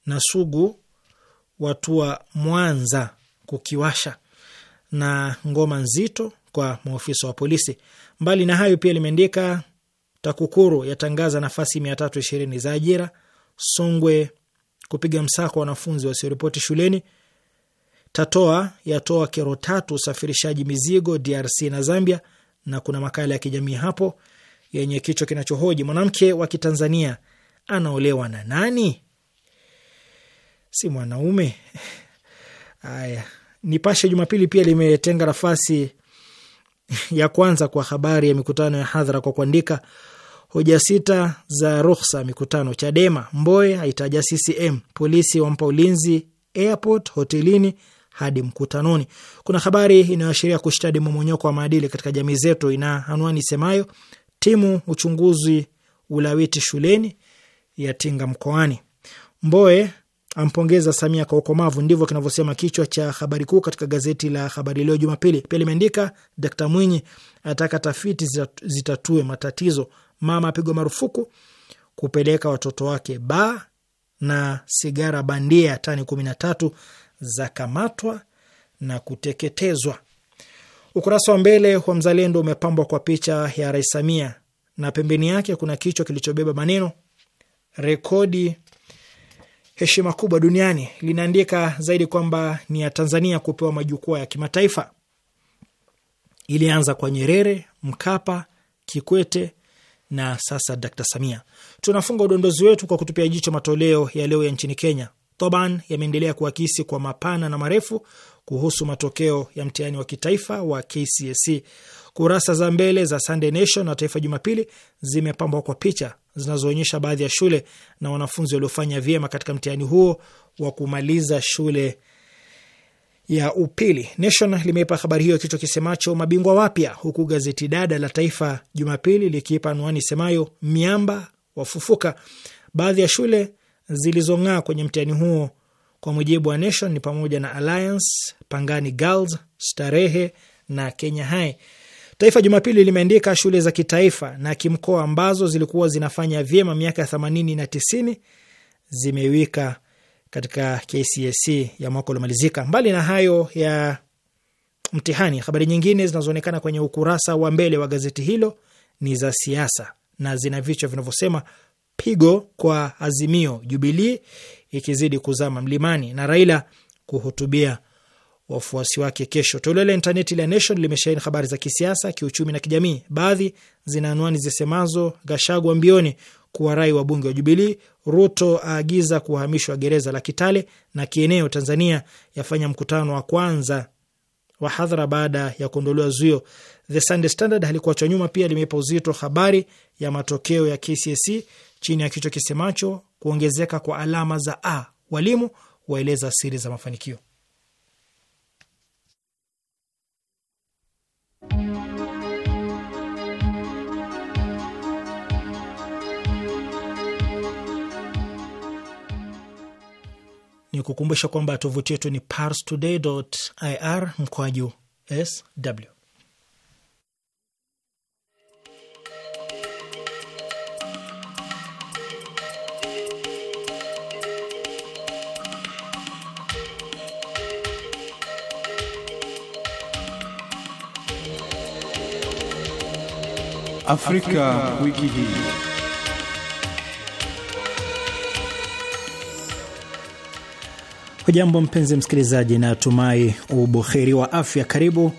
[SPEAKER 1] na Sugu watua Mwanza kukiwasha; na ngoma nzito kwa maofisa wa polisi. Mbali na hayo, pia limeandika TAKUKURU yatangaza nafasi mia tatu ishirini za ajira Songwe kupiga msako wanafunzi wasioripoti shuleni. Tatoa yatoa kero tatu usafirishaji mizigo DRC na Zambia, na kuna makala ya kijamii hapo yenye kichwa kinachohoji mwanamke wa Kitanzania anaolewa na nani? Si mwanaume. Haya, Nipashe Jumapili pia limetenga nafasi ya kwanza kwa habari ya mikutano ya hadhara kwa kuandika Hoja sita za ruhusa mikutano. Chadema, Mboe aitaja CCM, polisi wampa ulinzi airport, hotelini hadi mkutanoni. Kuna habari inayoashiria kushtadi mmomonyoko wa maadili katika jamii zetu, ina anwani semayo timu uchunguzi ulawiti shuleni ya tinga mkoani. Mboe ampongeza Samia kwa ukomavu, ndivyo kinavyosema kichwa cha habari kuu katika gazeti la Habari Leo Jumapili. Pia limeandika Dkt Mwinyi ataka tafiti zitatue matatizo, mama apigwa marufuku kupeleka watoto wake ba na sigara bandia tani kumi na tatu zakamatwa na kuteketezwa. Ukurasa wa mbele wa Mzalendo umepambwa kwa picha ya Rais Samia na pembeni yake kuna kichwa kilichobeba maneno rekodi heshima kubwa duniani. Linaandika zaidi kwamba ni ya Tanzania kupewa majukwaa ya kimataifa. Ilianza kwa Nyerere, Mkapa, Kikwete, na sasa Dr Samia. Tunafunga udondozi wetu kwa kutupia jicho matoleo ya leo ya nchini Kenya. Toban yameendelea kuakisi kwa mapana na marefu kuhusu matokeo ya mtihani wa kitaifa wa KCSE. Kurasa za mbele za Sunday Nation na Taifa Jumapili zimepambwa kwa picha zinazoonyesha baadhi ya shule na wanafunzi waliofanya vyema katika mtihani huo wa kumaliza shule ya upili. Nation limeipa habari hiyo kichwa kisemacho mabingwa wapya, huku gazeti dada la Taifa Jumapili likiipa anwani semayo miamba wafufuka. Baadhi ya shule zilizong'aa kwenye mtihani huo kwa mujibu wa Nation ni pamoja na Alliance, Pangani Girls, Starehe na Kenya High. Taifa Jumapili limeandika shule za kitaifa na kimkoa ambazo zilikuwa zinafanya vyema miaka ya themanini na tisini zimewika katika KCSE ya mwaka uliomalizika. Mbali na hayo ya mtihani, habari nyingine zinazoonekana kwenye ukurasa wa mbele wa gazeti hilo ni za siasa na zina vichwa vinavyosema pigo kwa Azimio, Jubilii ikizidi kuzama mlimani, na Raila kuhutubia wafuasi wake kesho. Toleo la intaneti la Nation limesheheni habari za kisiasa, kiuchumi na kijamii. Baadhi zina anwani zisemazo gashagwa mbioni, kuwarai wabunge wa Jubilii. Ruto aagiza kuhamishwa gereza la Kitale. Na kieneo, Tanzania yafanya mkutano wa kwanza wa hadhara baada ya kuondolewa zuio. The Sunday Standard halikuachwa nyuma, pia limeipa uzito habari ya matokeo ya KCSE chini ya kichwa kisemacho kuongezeka kwa alama za A, walimu waeleza siri za mafanikio. ni kukumbusha kwamba tovuti yetu ni parstoday.ir mkwaju sw. Afrika, Afrika wiki hii. Hujambo mpenzi msikilizaji, na tumai ubuheri wa afya. Karibu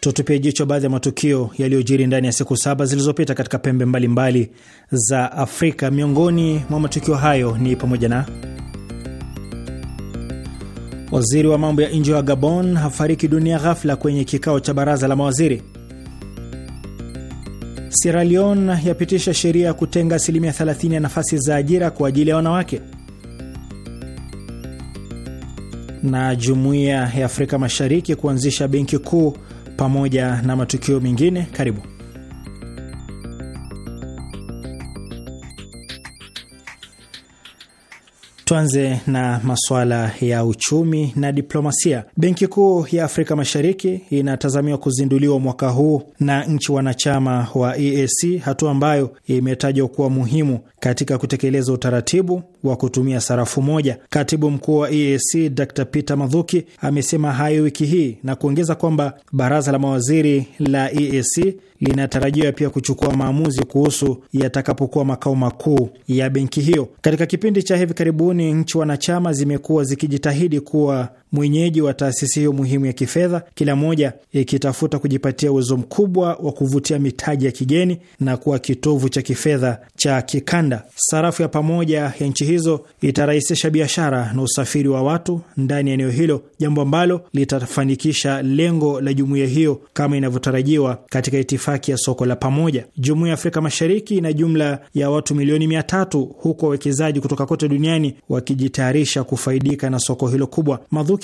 [SPEAKER 1] tutupie jicho baadhi ya matukio yaliyojiri ndani ya siku saba zilizopita katika pembe mbalimbali mbali za Afrika. Miongoni mwa matukio hayo ni pamoja na waziri wa mambo ya nje wa Gabon hafariki dunia ghafla kwenye kikao cha baraza la mawaziri; Sierra Leone yapitisha sheria ya kutenga asilimia 30 ya nafasi za ajira kwa ajili ya wanawake; na Jumuiya ya Afrika Mashariki kuanzisha benki kuu pamoja na matukio mengine. Karibu. Tuanze na masuala ya uchumi na diplomasia. Benki Kuu ya Afrika Mashariki inatazamiwa kuzinduliwa mwaka huu na nchi wanachama wa EAC, hatua ambayo imetajwa kuwa muhimu katika kutekeleza utaratibu wa kutumia sarafu moja. Katibu mkuu wa EAC Dr Peter Madhuki amesema hayo wiki hii na kuongeza kwamba baraza la mawaziri la EAC linatarajiwa pia kuchukua maamuzi kuhusu yatakapokuwa makao makuu ya benki hiyo. Katika kipindi cha hivi karibuni, nchi wanachama zimekuwa zikijitahidi kuwa mwenyeji wa taasisi hiyo muhimu ya kifedha, kila moja ikitafuta kujipatia uwezo mkubwa wa kuvutia mitaji ya kigeni na kuwa kitovu cha kifedha cha kikanda. Sarafu ya pamoja ya nchi hizo itarahisisha biashara na usafiri wa watu ndani ya eneo hilo, jambo ambalo litafanikisha lengo la jumuiya hiyo kama inavyotarajiwa katika itifaki ya soko la pamoja. Jumuiya ya Afrika Mashariki ina jumla ya watu milioni mia tatu, huku wawekezaji kutoka kote duniani wakijitayarisha kufaidika na soko hilo kubwa. Madhuki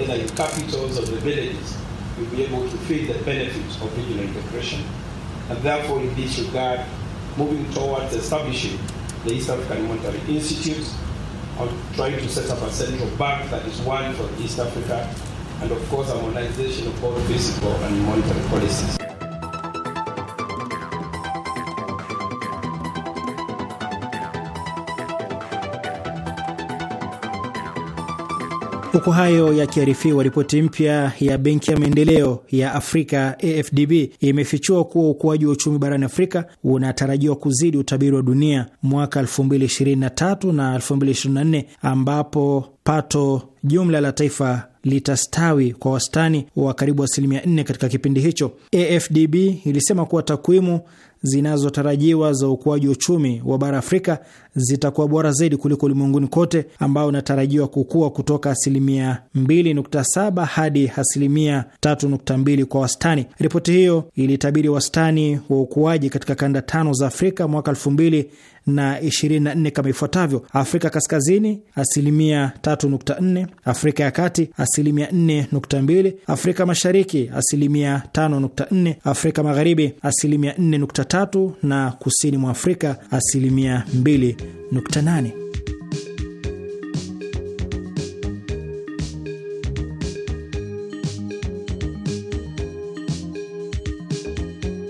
[SPEAKER 4] in the capitals of the villages will be able to feel the benefits of regional integration. And therefore, in this regard, moving towards establishing the East African Monetary Institute, on trying to set up a central bank that is one for East Africa, and of course, harmonization of both fiscal and monetary policies.
[SPEAKER 1] Huku hayo yakiarifiwa, ripoti mpya ya Benki ya Maendeleo ya Afrika AFDB imefichua kuwa ukuaji wa uchumi barani Afrika unatarajiwa kuzidi utabiri wa dunia mwaka 2023 na 2024 ambapo pato jumla la taifa litastawi kwa wastani wa karibu asilimia 4 katika kipindi hicho. AFDB ilisema kuwa takwimu zinazotarajiwa za ukuaji wa uchumi wa bara Afrika zitakuwa bora zaidi kuliko ulimwenguni kote ambao unatarajiwa kukua kutoka asilimia 2.7 hadi asilimia 3.2 kwa wastani. Ripoti hiyo ilitabiri wastani wa ukuaji katika kanda tano za Afrika mwaka 2000 na 24 kama ifuatavyo: Afrika Kaskazini asilimia 3.4, Afrika ya Kati asilimia 4.2, Afrika Mashariki asilimia 5.4, Afrika Magharibi asilimia 4.3 na kusini mwa Afrika asilimia 2.8.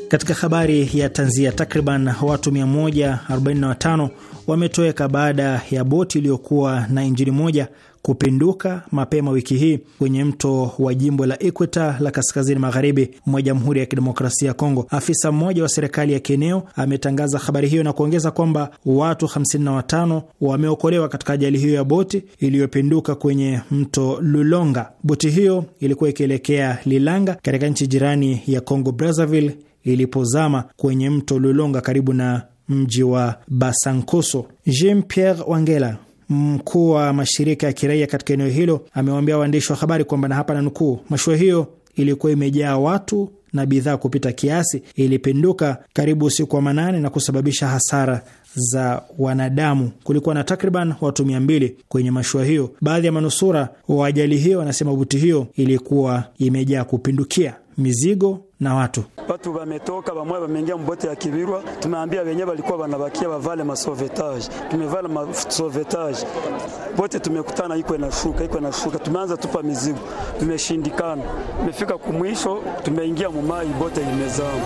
[SPEAKER 1] Katika habari ya tanzia, takriban watu 145 wametoweka baada ya boti iliyokuwa na injini moja kupinduka mapema wiki hii kwenye mto wa jimbo la Ikweta la kaskazini magharibi mwa Jamhuri ya Kidemokrasia ya Kongo. Afisa mmoja wa serikali ya kieneo ametangaza habari hiyo na kuongeza kwamba watu 55 wameokolewa katika ajali hiyo ya boti iliyopinduka kwenye mto Lulonga. Boti hiyo ilikuwa ikielekea Lilanga katika nchi jirani ya congo Brazzaville ilipozama kwenye mto Lulonga karibu na mji wa Basankoso. Jean Pierre Wangela, mkuu wa mashirika ya kiraia katika eneo hilo, amewaambia waandishi wa habari kwamba, na hapa na nukuu, mashua hiyo ilikuwa imejaa watu na bidhaa kupita kiasi, ilipinduka karibu usiku wa manane na kusababisha hasara za wanadamu. Kulikuwa na takriban watu mia mbili kwenye mashua hiyo. Baadhi ya manusura wa ajali hiyo wanasema buti hiyo ilikuwa imejaa kupindukia mizigo na watu watu
[SPEAKER 4] wametoka bamwe wameingia mbote ya Kibirwa. Tumeambia wenye walikuwa wanabakia wavale masovetage, tumevala masovetage bote. Tumekutana iko shuka iko shuka tumeanza tupa mizigo, tumeshindikana, tumefika kumwisho, tumeingia mumai bote imezama.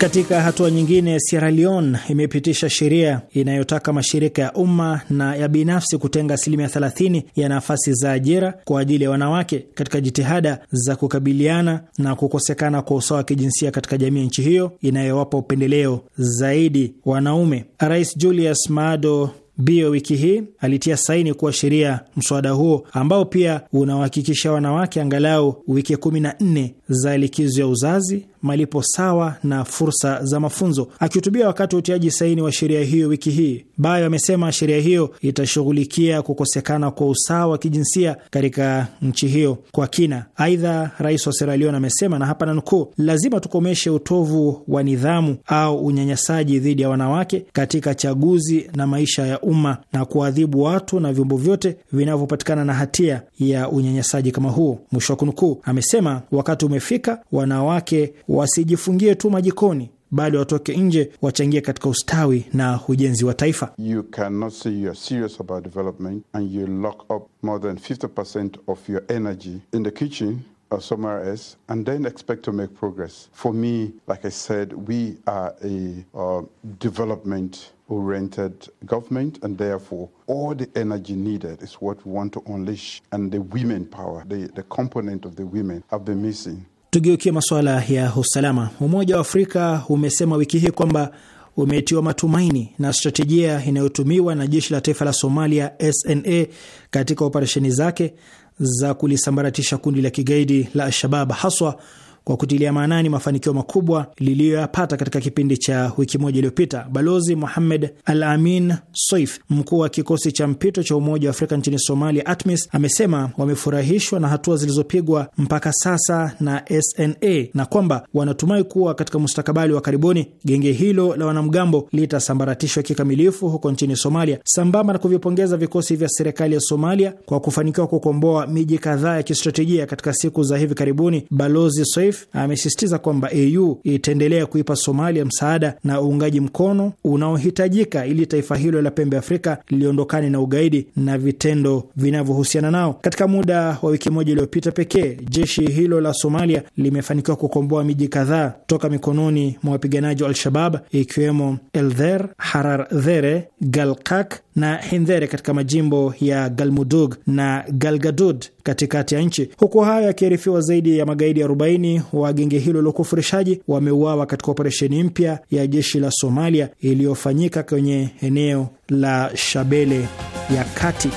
[SPEAKER 1] Katika hatua nyingine, Sierra Leone imepitisha sheria inayotaka mashirika ya umma na ya binafsi kutenga asilimia 30 ya nafasi za ajira kwa ajili ya wanawake katika jitihada za kukabiliana na kukosekana kwa usawa wa kijinsia katika jamii ya nchi hiyo inayowapa upendeleo zaidi wanaume. Rais Julius mado Bio wiki hii alitia saini kuwa sheria mswada huo ambao pia unawahakikisha wanawake angalau wiki kumi na nne za likizo ya uzazi malipo sawa na fursa za mafunzo. Akihutubia wakati wa utiaji saini wa sheria hiyo wiki hii, Bayo amesema sheria hiyo itashughulikia kukosekana kwa usawa wa kijinsia katika nchi hiyo kwa kina. Aidha, rais wa Sierra Leone amesema, na hapa nanukuu, lazima tukomeshe utovu wa nidhamu au unyanyasaji dhidi ya wanawake katika chaguzi na maisha ya umma na kuadhibu watu na vyombo vyote vinavyopatikana na hatia ya unyanyasaji kama huo, mwisho wa kunukuu. Amesema wakati umefika wanawake wasijifungie tu majikoni, bali watoke nje, wachangie katika ustawi na ujenzi wa taifa.
[SPEAKER 2] You cannot say you are serious about development and you lock up more than 50% of your energy in the kitchen or somewhere else and then expect to make progress. For me, like I said, we are a uh, development oriented government and therefore all the energy needed is what we want to unleash and the women power the, the component of the women have been missing
[SPEAKER 1] Tugeukie masuala ya usalama. Umoja wa Afrika umesema wiki hii kwamba umetiwa matumaini na stratejia inayotumiwa na jeshi la taifa la Somalia SNA katika operesheni zake za kulisambaratisha kundi la kigaidi la Al-Shabab haswa kwa kutilia maanani mafanikio makubwa liliyoyapata katika kipindi cha wiki moja iliyopita. Balozi muhamed Al Amin Soif, mkuu wa kikosi cha mpito cha Umoja wa Afrika nchini Somalia, ATMIS, amesema wamefurahishwa na hatua zilizopigwa mpaka sasa na SNA na kwamba wanatumai kuwa katika mustakabali wa karibuni genge hilo la wanamgambo litasambaratishwa kikamilifu huko nchini Somalia, sambamba na kuvipongeza vikosi vya serikali ya Somalia kwa kufanikiwa kukomboa miji kadhaa ya kistratejia katika siku za hivi karibuni. Balozi Soif Sharif amesisitiza kwamba AU itaendelea kuipa Somalia msaada na uungaji mkono unaohitajika ili taifa hilo la pembe Afrika liliondokane na ugaidi na vitendo vinavyohusiana nao. Katika muda wa wiki moja iliyopita pekee, jeshi hilo la Somalia limefanikiwa kukomboa miji kadhaa toka mikononi mwa wapiganaji wa Al-Shabab ikiwemo Eldher, Harar Dhere, Galkak na Hindhere katika majimbo ya Galmudug na Galgadud katikati ya nchi. Huku hayo yakiarifiwa, zaidi ya magaidi 40 wa genge hilo la ukufurishaji wameuawa katika operesheni mpya ya jeshi la Somalia iliyofanyika kwenye eneo la Shabele ya kati.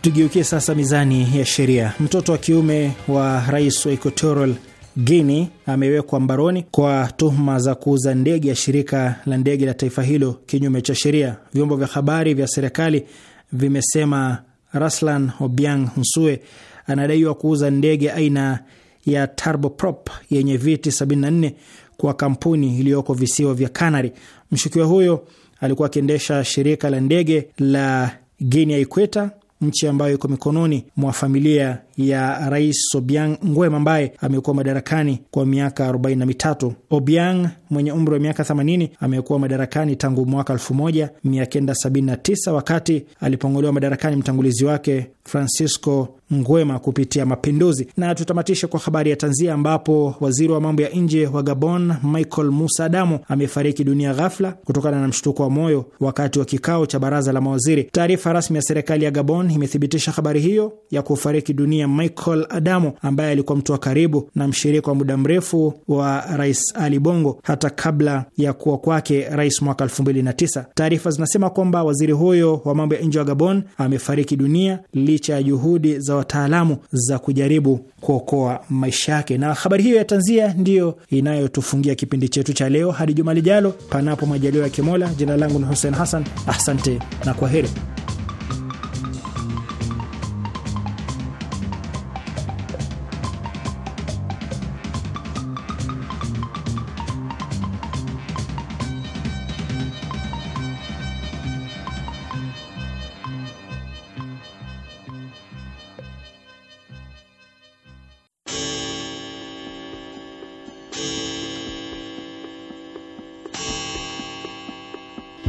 [SPEAKER 1] Tugeukie sasa mizani ya sheria. Mtoto wa kiume wa rais wa Equatorial guini amewekwa mbaroni kwa tuhuma za kuuza ndege ya shirika la ndege la taifa hilo kinyume cha sheria. Vyombo vya habari vya serikali vimesema Raslan Obiang Nsue anadaiwa kuuza ndege aina ya turboprop yenye viti 74 kwa kampuni iliyoko visiwa vya Canary. Mshukiwa huyo alikuwa akiendesha shirika la ndege la Guinea Ikweta, nchi ambayo iko mikononi mwa familia ya Rais Obiang Nguema ambaye amekuwa madarakani kwa miaka 43. Obiang mwenye umri wa miaka 80 amekuwa madarakani tangu mwaka 1979 wakati alipong'olewa madarakani mtangulizi wake Francisco Nguema kupitia mapinduzi. Na tutamatishe kwa habari ya tanzia, ambapo waziri wa mambo ya nje wa Gabon Michael Musa Adamu amefariki dunia ghafla kutokana na mshtuko wa moyo wakati wa kikao cha baraza la mawaziri. Taarifa rasmi ya serikali ya Gabon imethibitisha habari hiyo ya kufariki dunia ya Michael Adamo ambaye alikuwa mtu wa karibu na mshirika wa muda mrefu wa Rais Ali Bongo hata kabla ya kuwa kwake rais mwaka 2009. Taarifa zinasema kwamba waziri huyo wa mambo ya nje wa Gabon amefariki dunia licha ya juhudi za wataalamu za kujaribu kuokoa maisha yake. Na habari hiyo ya tanzia ndiyo inayotufungia kipindi chetu cha leo. Hadi juma lijalo, panapo majaliwa ya Kimola. Jina langu ni Hussein Hassan, asante na kwa heri.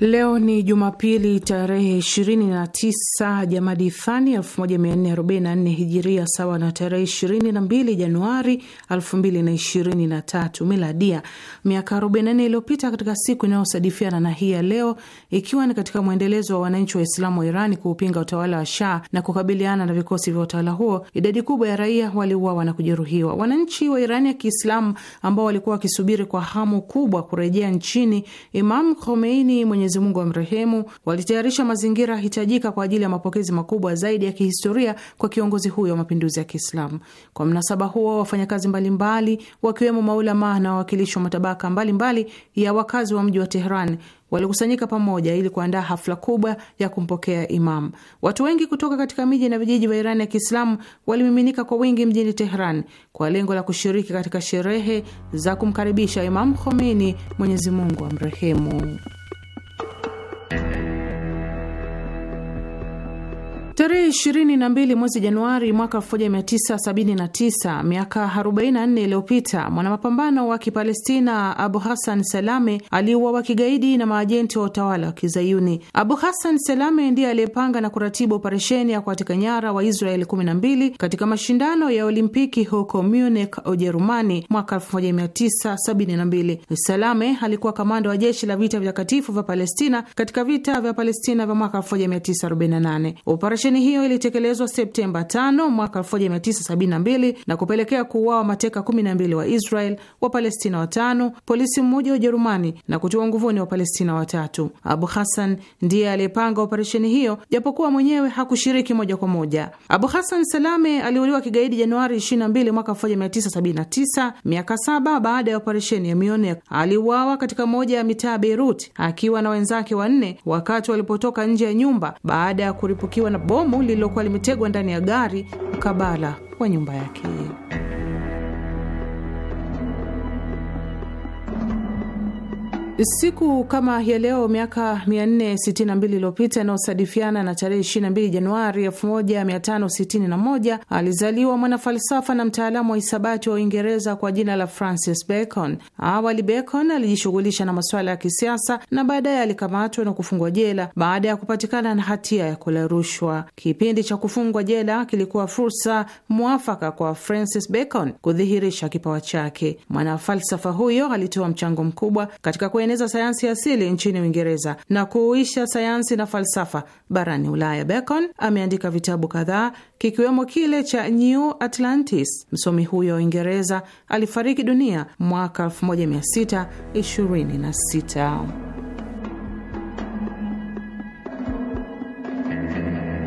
[SPEAKER 2] Leo ni Jumapili tarehe 29 Jamadi Thani 1444 Hijiria, sawa na tarehe 22 Januari 2023 Miladia. Miaka 44 iliyopita katika siku inayosadifiana na hii ya leo, ikiwa ni katika mwendelezo wa wananchi Waislamu wa Irani kuupinga utawala wa Shah na kukabiliana na vikosi vya utawala huo, idadi kubwa ya raia waliuawa na kujeruhiwa. Wananchi wa Irani ya Kiislamu ambao walikuwa wakisubiri kwa hamu kubwa kurejea nchini Imam Khomeini mwenye Mwenyezi Mungu mrehemu, walitayarisha mazingira hitajika kwa ajili ya mapokezi makubwa zaidi ya kihistoria kwa kiongozi huyo wa mapinduzi ya Kiislamu. Kwa mnasaba huo, wafanyakazi mbalimbali wakiwemo maulama na wawakilishi wa matabaka mbalimbali mbali ya wakazi wa mji wa Tehran walikusanyika pamoja ili kuandaa hafla kubwa ya kumpokea Imam. Watu wengi kutoka katika miji na vijiji vya Irani ya Kiislamu walimiminika kwa wingi mjini Tehran kwa lengo la kushiriki katika sherehe za kumkaribisha Imam Khomeini, Mwenyezi Mungu amrehemu. Thank you. Tarehe 22 mwezi Januari mwaka 1979, miaka 44 iliyopita, mwanamapambano wa Kipalestina Abu Hassan Salame aliuawa kigaidi na maajenti wa utawala wa Kizayuni. Abu Hassan Salame ndiye aliyepanga na kuratibu operesheni ya kuwateka nyara wa Israeli 12 katika mashindano ya Olimpiki huko Munich, Ujerumani mwaka 1972. Salame alikuwa kamanda wa jeshi la vita vitakatifu vya Palestina katika vita vya Palestina vya mwaka 1948. Operesheni hiyo ilitekelezwa Septemba 5 mwaka 1972 na kupelekea kuuawa mateka 12 wa Israel, wa palestina watano, polisi mmoja wa Ujerumani na kutiwa nguvuni Wapalestina watatu. Abu Hassan ndiye aliyepanga operesheni hiyo japokuwa mwenyewe hakushiriki moja kwa moja. Abu Hassan Salame aliuliwa kigaidi Januari 22 mwaka 1979, miaka saba baada ya operesheni ya Munich. Aliuawa katika moja ya mitaa ya Beirut akiwa na wenzake wanne wakati walipotoka nje ya nyumba baada ya kuripukiwa na bomu lililokuwa limetegwa ndani ya gari mkabala wa nyumba yake. Siku kama ya leo miaka 462 iliyopita inayosadifiana na tarehe 22 Januari 1561 alizaliwa mwanafalsafa na mtaalamu wa hisabati wa Uingereza kwa jina la Francis Bacon. Awali Bacon alijishughulisha na masuala ya kisiasa na baadaye alikamatwa na kufungwa jela baada ya kupatikana na hatia ya kula rushwa. Kipindi cha kufungwa jela kilikuwa fursa mwafaka kwa Francis Bacon kudhihirisha kipawa chake. Mwanafalsafa huyo alitoa mchango mkubwa katika kwenye kueneza sayansi asili nchini Uingereza na kuuisha sayansi na falsafa barani Ulaya. Bacon ameandika vitabu kadhaa kikiwemo kile cha New Atlantis. Msomi huyo wa Uingereza alifariki dunia mwaka 1626.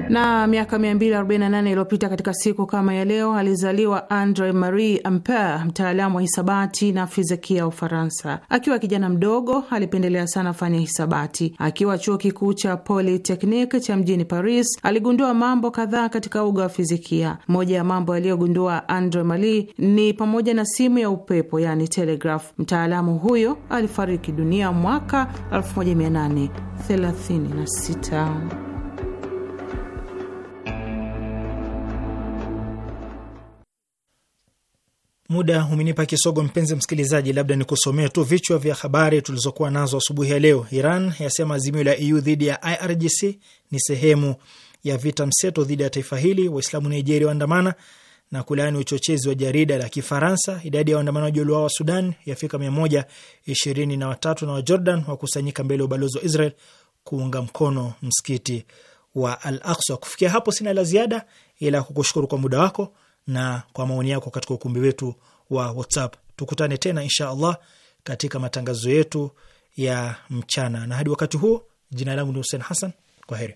[SPEAKER 2] Na miaka 248 iliyopita katika siku kama ya leo alizaliwa Andre Marie Ampere, mtaalamu wa hisabati na fizikia wa Ufaransa. Akiwa kijana mdogo, alipendelea sana fani ya hisabati. Akiwa chuo kikuu cha Polytechnique cha mjini Paris, aligundua mambo kadhaa katika uga wa fizikia. Moja ya mambo aliyogundua Andre Marie ni pamoja na simu ya upepo, yani telegraph. Mtaalamu huyo alifariki dunia mwaka 1836. Muda
[SPEAKER 1] umenipa kisogo, mpenzi msikilizaji, labda ni kusomea tu vichwa vya habari tulizokuwa nazo asubuhi ya leo. Iran yasema azimio la EU dhidi ya IRGC ni sehemu ya vita mseto dhidi ya taifa hili. Waislamu Nigeria waandamana na kulaani uchochezi wa jarida la Kifaransa. Idadi ya waandamanaji waliouawa wa Sudan yafika mia moja ishirini na watatu na Wajordan wakusanyika mbele ya ubalozi wa Israel kuunga mkono msikiti wa Al Aksa. Kufikia hapo sina la ziada, ila kukushukuru kwa muda wako na kwa maoni yako katika ukumbi wetu wa WhatsApp. Tukutane tena insha Allah katika matangazo yetu ya mchana, na hadi wakati huo, jina langu ni Hussein Hassan. Kwa heri